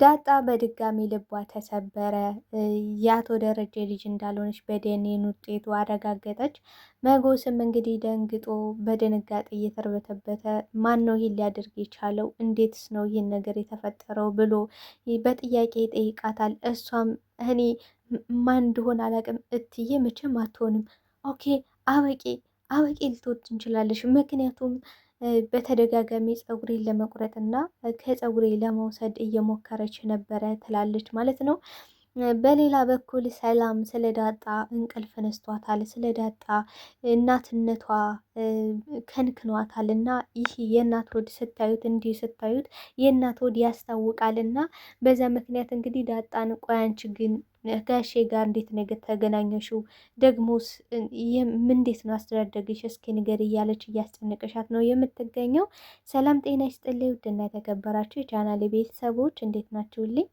ዳጣ በድጋሚ ልቧ ተሰበረ። የአቶ ደረጀ ልጅ እንዳልሆነች በደኔ ውጤቱ አረጋገጠች። መጎስም እንግዲህ ደንግጦ በድንጋጤ እየተርበተበተ ማን ነው ይህን ሊያደርግ የቻለው? እንዴትስ ነው ይህን ነገር የተፈጠረው? ብሎ በጥያቄ ይጠይቃታል። እሷም እኔ ማን እንደሆነ አላቅም እትዬ፣ መቼም አትሆንም። ኦኬ አበቄ አበቂ ልትወት እንችላለሽ ምክንያቱም በተደጋጋሚ ፀጉሬን ለመቁረጥ እና ከፀጉሬ ለመውሰድ እየሞከረች ነበረ ትላለች ማለት ነው። በሌላ በኩል ሰላም ስለ ዳጣ እንቅልፍ ነስቷታል። ስለ ዳጣ እናትነቷ ከንክኗታል እና ይህ የእናት ወድ ስታዩት እንዲህ ስታዩት የእናት ወድ ያስታውቃል እና በዛ ምክንያት እንግዲህ ዳጣን ቆይ አንቺ ግን ጋሼ ጋር እንዴት ነገ ተገናኘሹ? ደግሞስ እንዴት ነው አስተዳደግሽ? እስኪ ንገር እያለች እያስጨነቀሻት ነው የምትገኘው። ሰላም ጤና ይስጥልኝ። ውድና የተከበራችሁ የቻናሌ ቤተሰቦች እንዴት ናችሁልኝ?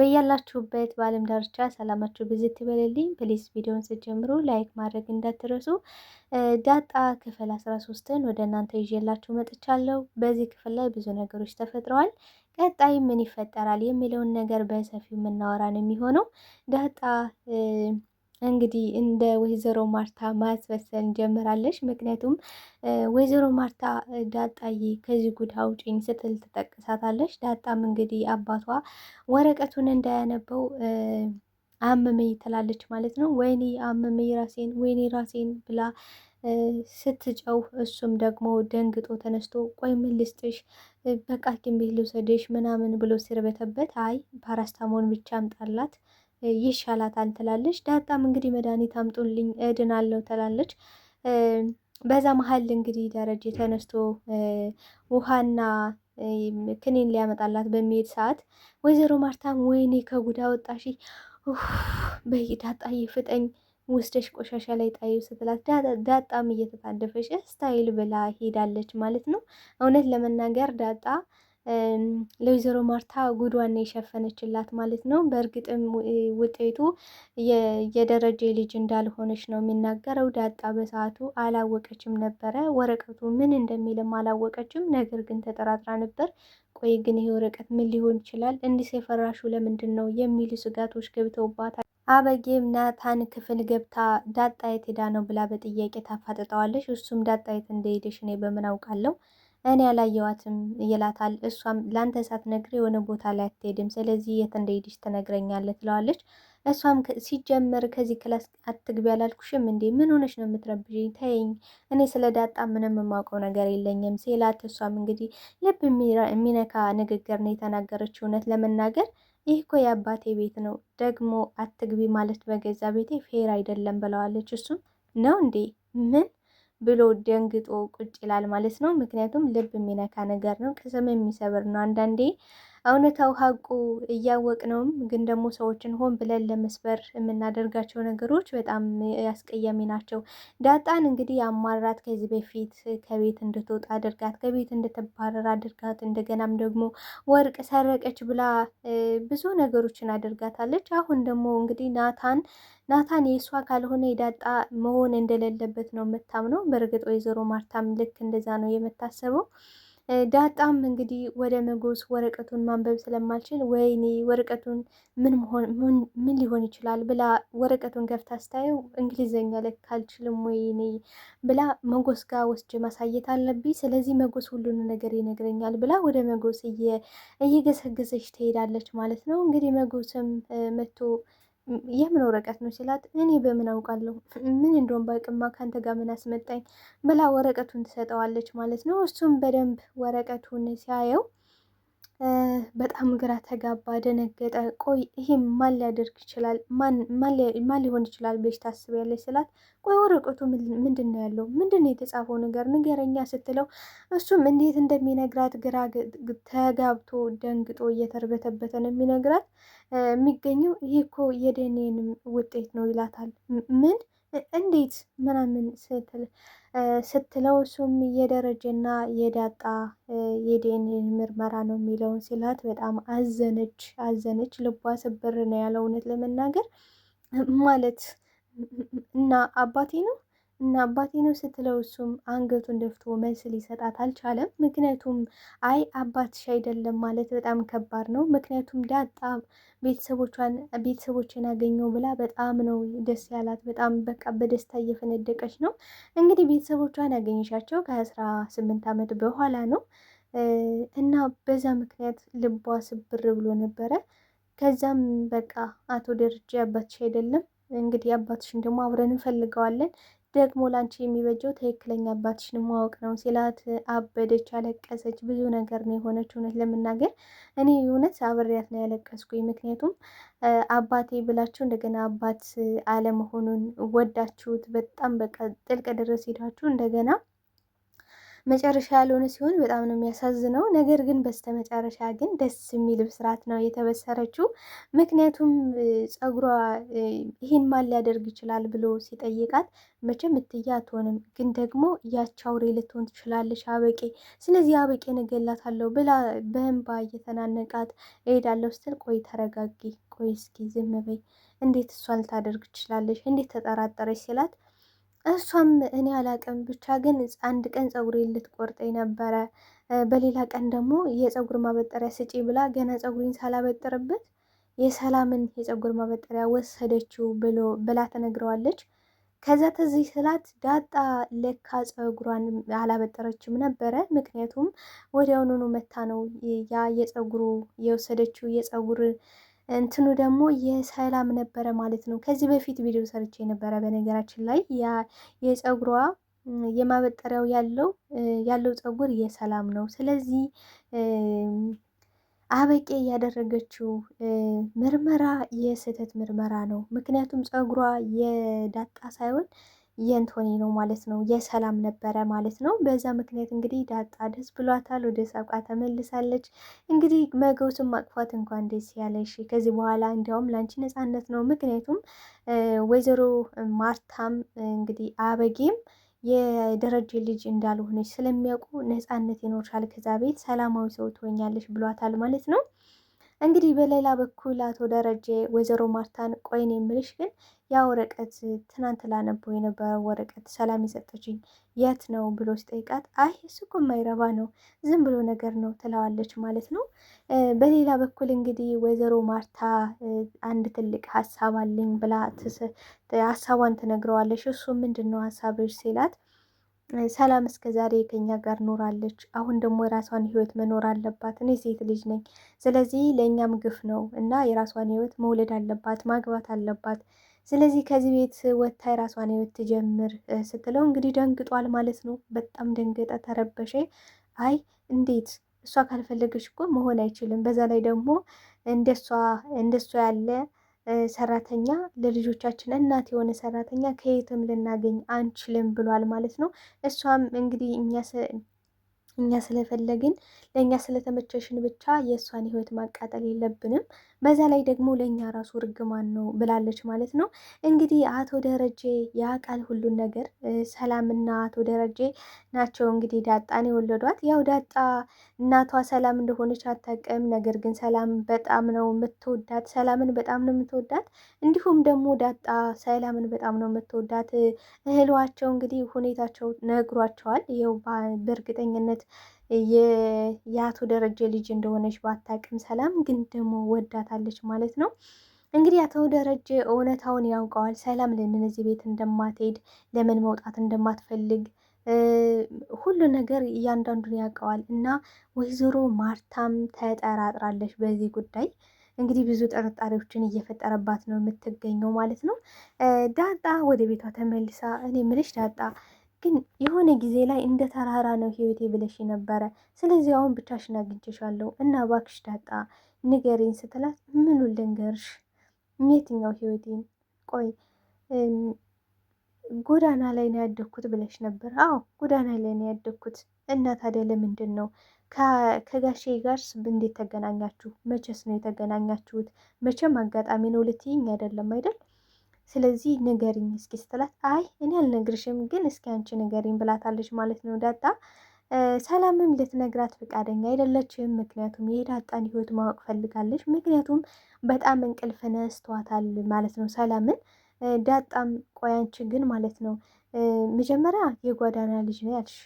በያላችሁበት በዓለም ዳርቻ ሰላማችሁ ብዝት ትበልልኝ። ፕሊስ ቪዲዮን ስትጀምሩ ላይክ ማድረግ እንዳትረሱ። ዳጣ ክፍል 13ን ወደ እናንተ ይዤላችሁ መጥቻለሁ። በዚህ ክፍል ላይ ብዙ ነገሮች ተፈጥረዋል። ቀጣይ ምን ይፈጠራል የሚለውን ነገር በሰፊው የምናወራ ነው የሚሆነው ዳጣ እንግዲህ እንደ ወይዘሮ ማርታ ማስመሰል ጀምራለች። ምክንያቱም ወይዘሮ ማርታ ዳጣዬ ከዚህ ጉድ አውጪኝ ስትል ትጠቅሳታለች። ዳጣም እንግዲህ አባቷ ወረቀቱን እንዳያነበው አመመኝ ትላለች ማለት ነው። ወይኔ አመመኝ ራሴን፣ ወይኔ ራሴን ብላ ስትጨው እሱም ደግሞ ደንግጦ ተነስቶ ቆይ ምን ልስጥሽ፣ በቃ ሐኪም ቤት ልውሰድሽ ምናምን ብሎ ሲርበተበት አይ ፓራስታሞን ብቻ አምጣላት ይሻላታል ትላለች። ዳጣም እንግዲህ መድኃኒት አምጡልኝ እድናለሁ ትላለች። በዛ መሀል እንግዲህ ደረጀ ተነስቶ ውሃና ክኒን ሊያመጣላት በሚሄድ ሰዓት ወይዘሮ ማርታም ወይኔ ከጉዳ ወጣሽ በይ ዳጣዬ ፍጠኝ ውስደሽ ቆሻሻ ላይ ጣዩ ስትላት ዳጣም እየተታደፈች ስታይል ብላ ሄዳለች ማለት ነው። እውነት ለመናገር ዳጣ ለወይዘሮ ማርታ ጉድዋን የሸፈነችላት ማለት ነው። በእርግጥም ውጤቱ የደረጀ ልጅ እንዳልሆነች ነው የሚናገረው። ዳጣ በሰዓቱ አላወቀችም ነበረ። ወረቀቱ ምን እንደሚልም አላወቀችም። ነገር ግን ተጠራጥራ ነበር። ቆይ ግን ይሄ ወረቀት ምን ሊሆን ይችላል? እንዲስ የፈራሹ ለምንድን ነው የሚሉ ስጋቶች ገብተውባታል። አበጌም ናታን ክፍል ገብታ ዳጣ የት ሄዳ ነው ብላ በጥያቄ ታፋጥጠዋለች። እሱም ዳጣ የት እንደሄደሽ እኔ በምን አውቃለሁ እኔ አላየዋትም ይላታል። እሷም ለአንተ ሳትነግር የሆነ ቦታ ላይ አትሄድም፣ ስለዚህ የት እንደሄድሽ ትነግረኛለህ ትለዋለች። እሷም ሲጀመር ከዚህ ክላስ አትግቢ አላልኩሽም እንዴ? ምን ሆነሽ ነው የምትረብሽኝ? ተይኝ፣ እኔ ስለ ዳጣ ምንም የማውቀው ነገር የለኝም ሲላት፣ እሷም እንግዲህ ልብ የሚነካ ንግግር ነው የተናገረችው። እውነት ለመናገር ይህ እኮ የአባቴ ቤት ነው፣ ደግሞ አትግቢ ማለት በገዛ ቤቴ ፌር አይደለም ብለዋለች። እሱም ነው እንዴ ምን ብሎ ደንግጦ ቁጭ ይላል ማለት ነው። ምክንያቱም ልብ የሚነካ ነገር ነው፣ ቅስም የሚሰብር ነው። አንዳንዴ እውነታው ሀቁ እያወቅ ነውም፣ ግን ደግሞ ሰዎችን ሆን ብለን ለመስበር የምናደርጋቸው ነገሮች በጣም ያስቀያሚ ናቸው። ዳጣን እንግዲህ አማራት ከዚህ በፊት ከቤት እንድትወጣ አድርጋት፣ ከቤት እንድትባረር አድርጋት፣ እንደገናም ደግሞ ወርቅ ሰረቀች ብላ ብዙ ነገሮችን አድርጋታለች። አሁን ደግሞ እንግዲህ ናታን ናታን የእሷ ካልሆነ የዳጣ መሆን እንደሌለበት ነው የምታምነው። በእርግጥ ወይዘሮ ማርታም ልክ እንደዛ ነው የምታሰበው። ዳጣም እንግዲህ ወደ መጎስ ወረቀቱን ማንበብ ስለማልችል ወይኔ ወረቀቱን ምን ምን ሊሆን ይችላል ብላ ወረቀቱን ከፍታ ስታየው እንግሊዘኛ ለካ አልችልም ወይኔ ብላ መጎስ ጋር ወስጄ ማሳየት አለብኝ። ስለዚህ መጎስ ሁሉን ነገር ይነግረኛል ብላ ወደ መጎስ እየገሰገሰች ትሄዳለች ማለት ነው። እንግዲህ መጎስም መጥቶ የምን ወረቀት ነው ሲላት፣ እኔ በምን አውቃለሁ ምን እንደሆን ባቅማ ከአንተ ጋር ምን አስመጣኝ ብላ ወረቀቱን ትሰጠዋለች ማለት ነው። እሱም በደንብ ወረቀቱን ሲያየው በጣም ግራ ተጋባ፣ ደነገጠ። ቆይ ይሄ ማን ሊያደርግ ይችላል? ማን ሊሆን ይችላል ብለሽ ታስቢያለሽ ስላት፣ ቆይ ወረቀቱ ምንድን ነው ያለው? ምንድን ነው የተጻፈው ነገር ንገረኛ ስትለው፣ እሱም እንዴት እንደሚነግራት ግራ ተጋብቶ ደንግጦ እየተርበተበተ ነው የሚነግራት የሚገኘው ይሄ እኮ የደኔን ውጤት ነው ይላታል። ምን እንዴት ምናምን ስትለው እሱም የደረጀና የዳጣ የዲኤንኤ ምርመራ ነው የሚለውን ሲላት በጣም አዘነች አዘነች። ልቧ ስብር ነው እውነት ለመናገር ማለት እና አባቴ ነው እና አባቴ ነው ስትለው እሱም አንገቱን ደፍቶ መልስ ሊሰጣት አልቻለም። ምክንያቱም አይ አባትሽ አይደለም ማለት በጣም ከባድ ነው። ምክንያቱም ዳጣ ቤተሰቦቿን ቤተሰቦችን አገኘው ብላ በጣም ነው ደስ ያላት። በጣም በቃ በደስታ እየፈነደቀች ነው። እንግዲህ ቤተሰቦቿን ያገኘሻቸው ከአስራ ስምንት ዓመት በኋላ ነው እና በዛ ምክንያት ልቧ ስብር ብሎ ነበረ። ከዛም በቃ አቶ ደረጀ አባትሽ አይደለም እንግዲህ አባትሽን ደግሞ አብረን እንፈልገዋለን ደግሞ ላንቺ የሚበጀው ትክክለኛ አባትሽን ማወቅ ነው ሲላት አበደች፣ አለቀሰች። ብዙ ነገር ነው የሆነች። እውነት ለመናገር እኔ እውነት አብሬያት ነው ያለቀስኩኝ። ምክንያቱም አባቴ ብላችሁ እንደገና አባት አለመሆኑን ወዳችሁት በጣም በቃ ጥልቅ ድረስ ሄዳችሁ እንደገና መጨረሻ ያልሆነ ሲሆን በጣም ነው የሚያሳዝነው። ነገር ግን በስተመጨረሻ ግን ደስ የሚል ብስራት ነው የተበሰረችው። ምክንያቱም ጸጉሯ ይህን ማን ሊያደርግ ይችላል ብሎ ሲጠይቃት መቼም እትዬ አትሆንም፣ ግን ደግሞ ያች አውሬ ልትሆን ትችላለች አበቄ፣ ስለዚህ አበቄን እገላታለሁ ብላ በእንባ እየተናነቃት እሄዳለሁ ስትል ቆይ ተረጋጊ፣ ቆይ እስኪ ዝም በይ፣ እንዴት እሷ ልታደርግ ትችላለች? እንዴት ተጠራጠረች? ሲላት እሷም እኔ አላቅም ብቻ ግን አንድ ቀን ፀጉር ልትቆርጠኝ ነበረ፣ በሌላ ቀን ደግሞ የፀጉር ማበጠሪያ ስጪ ብላ ገና ፀጉሬን ሳላበጥርበት የሰላምን የፀጉር ማበጠሪያ ወሰደችው ብሎ ብላ ተነግረዋለች። ከዛ ተዚህ ስላት ዳጣ ለካ ፀጉሯን አላበጠረችም ነበረ። ምክንያቱም ወዲያውኑኑ መታ ነው ያ የፀጉሩ የወሰደችው የፀጉር እንትኑ ደግሞ የሰላም ነበረ ማለት ነው። ከዚህ በፊት ቪዲዮ ሰርቼ ነበረ በነገራችን ላይ የፀጉሯ የማበጠሪያው ያለው ያለው ፀጉር የሰላም ነው። ስለዚህ አበቄ ያደረገችው ምርመራ የስህተት ምርመራ ነው። ምክንያቱም ፀጉሯ የዳጣ ሳይሆን የእንቶኒ ነው ማለት ነው የሰላም ነበረ ማለት ነው። በዛ ምክንያት እንግዲህ ዳጣ ደስ ብሏታል፣ ወደ ሳቋ ተመልሳለች። እንግዲህ መገውትን ማቅፋት እንኳን ደስ ያለሽ፣ ከዚህ በኋላ እንዲያውም ለአንቺ ነፃነት ነው። ምክንያቱም ወይዘሮ ማርታም እንግዲህ አበጌም የደረጀ ልጅ እንዳልሆነች ስለሚያውቁ ነፃነት ይኖርሻል፣ ከዛ ቤት ሰላማዊ ሰው ትሆኛለሽ ብሏታል ማለት ነው። እንግዲህ በሌላ በኩል አቶ ደረጀ ወይዘሮ ማርታን ቆይን የምልሽ ግን ያ ወረቀት ትናንት ላነቦ የነበረው ወረቀት ሰላም የሰጠችኝ የት ነው ብሎ ሲጠይቃት፣ አይ እሱ እኮ የማይረባ ነው ዝም ብሎ ነገር ነው ትለዋለች ማለት ነው። በሌላ በኩል እንግዲህ ወይዘሮ ማርታ አንድ ትልቅ ሀሳብ አለኝ ብላ ሀሳቧን ትነግረዋለች። እሱ ምንድን ነው ሀሳብሽ ሲላት ሰላም እስከ ዛሬ ከኛ ጋር ኖራለች። አሁን ደግሞ የራሷን ህይወት መኖር አለባት። እኔ ሴት ልጅ ነኝ፣ ስለዚህ ለእኛም ግፍ ነው እና የራሷን ህይወት መውለድ አለባት፣ ማግባት አለባት። ስለዚህ ከዚህ ቤት ወጥታ የራሷን ህይወት ትጀምር ስትለው እንግዲህ ደንግጧል ማለት ነው። በጣም ደንገጠ፣ ተረበሸ። አይ እንዴት እሷ ካልፈለገች እኮ መሆን አይችልም። በዛ ላይ ደግሞ እንደሷ እንደሷ ያለ ሰራተኛ ለልጆቻችን እናት የሆነ ሰራተኛ ከየትም ልናገኝ አንችልም ብሏል ማለት ነው። እሷም እንግዲህ እኛ ስለፈለግን ለእኛ ስለተመቸሽን ብቻ የእሷን ህይወት ማቃጠል የለብንም በዛ ላይ ደግሞ ለእኛ ራሱ እርግማን ነው ብላለች ማለት ነው። እንግዲህ አቶ ደረጀ ያውቃል ሁሉን ነገር። ሰላምና አቶ ደረጀ ናቸው እንግዲህ ዳጣን የወለዷት። ያው ዳጣ እናቷ ሰላም እንደሆነች አታውቅም። ነገር ግን ሰላም በጣም ነው የምትወዳት፣ ሰላምን በጣም ነው የምትወዳት። እንዲሁም ደግሞ ዳጣ ሰላምን በጣም ነው የምትወዳት። እህሏቸው እንግዲህ ሁኔታቸው ነግሯቸዋል። ይኸው በእርግጠኝነት የአቶ ደረጀ ልጅ እንደሆነች ባታቅም ሰላም ግን ደግሞ ወዳታለች ማለት ነው። እንግዲህ አቶ ደረጀ እውነታውን ያውቀዋል። ሰላም ለምን እዚህ ቤት እንደማትሄድ ለምን መውጣት እንደማትፈልግ ሁሉ ነገር እያንዳንዱን ያውቀዋል። እና ወይዘሮ ማርታም ተጠራጥራለች በዚህ ጉዳይ እንግዲህ ብዙ ጥርጣሬዎችን እየፈጠረባት ነው የምትገኘው ማለት ነው። ዳጣ ወደ ቤቷ ተመልሳ እኔ ምልሽ ዳጣ ግን የሆነ ጊዜ ላይ እንደ ተራራ ነው ህይወቴ ብለሽ ነበረ። ስለዚህ አሁን ብቻሽን አግኝቼሻለሁ እና እባክሽ ዳጣ ንገሪኝ ስትላት ምኑ ልንገርሽ? የትኛው ህይወቴን? ቆይ ጎዳና ላይ ነው ያደግኩት ብለሽ ነበር። አዎ ጎዳና ላይ ነው ያደግኩት። እና ታዲያ ለምንድን ነው ከጋሼ ጋር እንዴት ተገናኛችሁ? መቼስ ነው የተገናኛችሁት? መቼም አጋጣሚ ነው ልትይኝ አይደለም አይደል? ስለዚህ ንገሪኝ እስኪ ስትላት አይ እኔ አልነግርሽም፣ ግን እስኪ አንቺ ንገሪኝ ብላታለች ማለት ነው ዳጣ። ሰላምም ልትነግራት ፈቃደኛ አይደለችም። ምክንያቱም የዳጣን ህይወት ማወቅ ፈልጋለች። ምክንያቱም በጣም እንቅልፍ ነስቷታል ማለት ነው ሰላምን። ዳጣም ቆይ አንቺ ግን ማለት ነው መጀመሪያ የጎዳና ልጅ ነው ያልሽ፣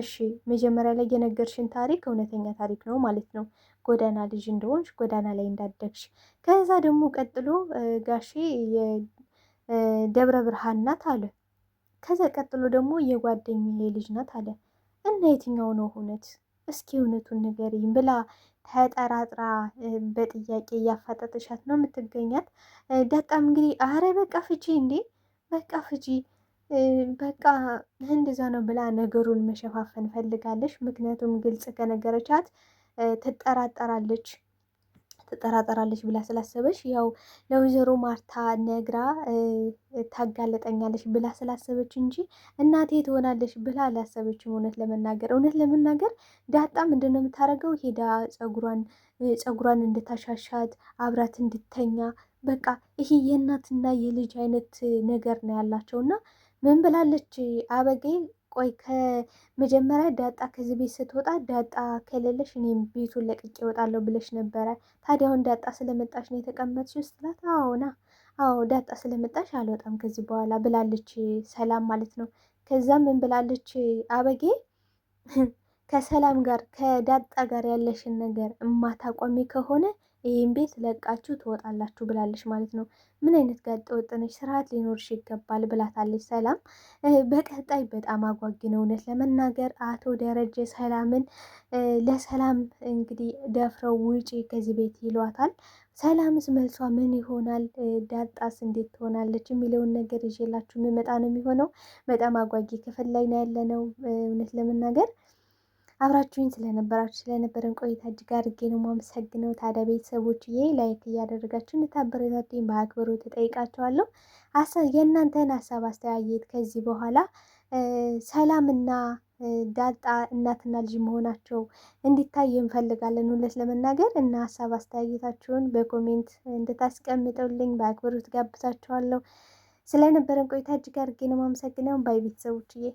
እሺ መጀመሪያ ላይ የነገርሽን ታሪክ እውነተኛ ታሪክ ነው ማለት ነው ጎዳና ልጅ እንደሆንሽ፣ ጎዳና ላይ እንዳደግሽ። ከዛ ደግሞ ቀጥሎ ጋሼ ደብረ ብርሃን ናት አለ። ከዛ ቀጥሎ ደግሞ የጓደኛዬ ልጅ ናት አለ እና የትኛው ነው እውነት? እስኪ እውነቱን ንገሪኝ ብላ ተጠራጥራ በጥያቄ እያፋጠጠሻት ነው የምትገኛት። ዳጣም እንግዲህ አረ በቃ ፍቺ እንዴ በቃ ፍቺ በቃ እንደዛ ነው ብላ ነገሩን መሸፋፈን ፈልጋለች። ምክንያቱም ግልጽ ከነገረቻት ትጠራጠራለች። ትጠራጠራለች ብላ ስላሰበች ያው ለወይዘሮ ማርታ ነግራ ታጋለጠኛለች ብላ ስላሰበች እንጂ እናቴ ትሆናለች ብላ አላሰበችም። እውነት ለመናገር እውነት ለመናገር ዳጣ ምንድን ነው የምታደርገው? ሄዳ ጸጉሯን ጸጉሯን እንድታሻሻት አብራት እንድተኛ በቃ ይሄ የእናትና የልጅ አይነት ነገር ነው ያላቸው እና ምን ብላለች አበጌ ቆይ ከመጀመሪያ ዳጣ ከዚህ ቤት ስትወጣ ዳጣ ከሌለሽ እኔም ቤቱን ለቅቄ እወጣለሁ ብለሽ ነበረ። ታዲያ አሁን ዳጣ ስለመጣሽ ነው የተቀመጥሽ ስትላት፣ አዎና አዎ ዳጣ ስለመጣሽ አልወጣም ከዚህ በኋላ ብላለች ሰላም ማለት ነው። ከዛ ምን ብላለች አበጌ ከሰላም ጋር ከዳጣ ጋር ያለሽን ነገር እማታቋሚ ከሆነ ይህም ቤት ለቃችሁ ትወጣላችሁ ብላለች ማለት ነው። ምን አይነት ጋጠ ወጥነች ስርዓት ሊኖርሽ ይገባል ብላታለች ሰላም። በቀጣይ በጣም አጓጊ ነው እውነት ለመናገር አቶ ደረጀ ሰላምን ለሰላም እንግዲህ ደፍረው ውጪ ከዚህ ቤት ይሏታል። ሰላምስ መልሷ ምን ይሆናል፣ ዳጣስ እንዴት ትሆናለች የሚለውን ነገር ይዤላችሁ የምመጣ ነው የሚሆነው። በጣም አጓጊ ክፍል ላይ ነው ያለነው እውነት ለመናገር አብራችሁኝ ስለነበራችሁ ስለነበረን ቆይታ እጅግ አድርጌ ነው የማመሰግነው። ታዲያ ቤተሰቦችዬ ላይክ እያደረጋችሁ እንድታበረታቱኝ በአክብሮት ተጠይቃችኋለሁ። የእናንተን ሀሳብ አስተያየት ከዚህ በኋላ ሰላምና ዳጣ እናትና ልጅ መሆናቸው እንዲታይ እንፈልጋለን። እውነት ለመናገር እና ሀሳብ አስተያየታችሁን በኮሜንት እንድታስቀምጠውልኝ በአክብሮት ጋብዛችኋለሁ። ስለነበረን ቆይታ እጅግ አድርጌ ነው የማመሰግነው። ባይ ቤተሰቦችዬ።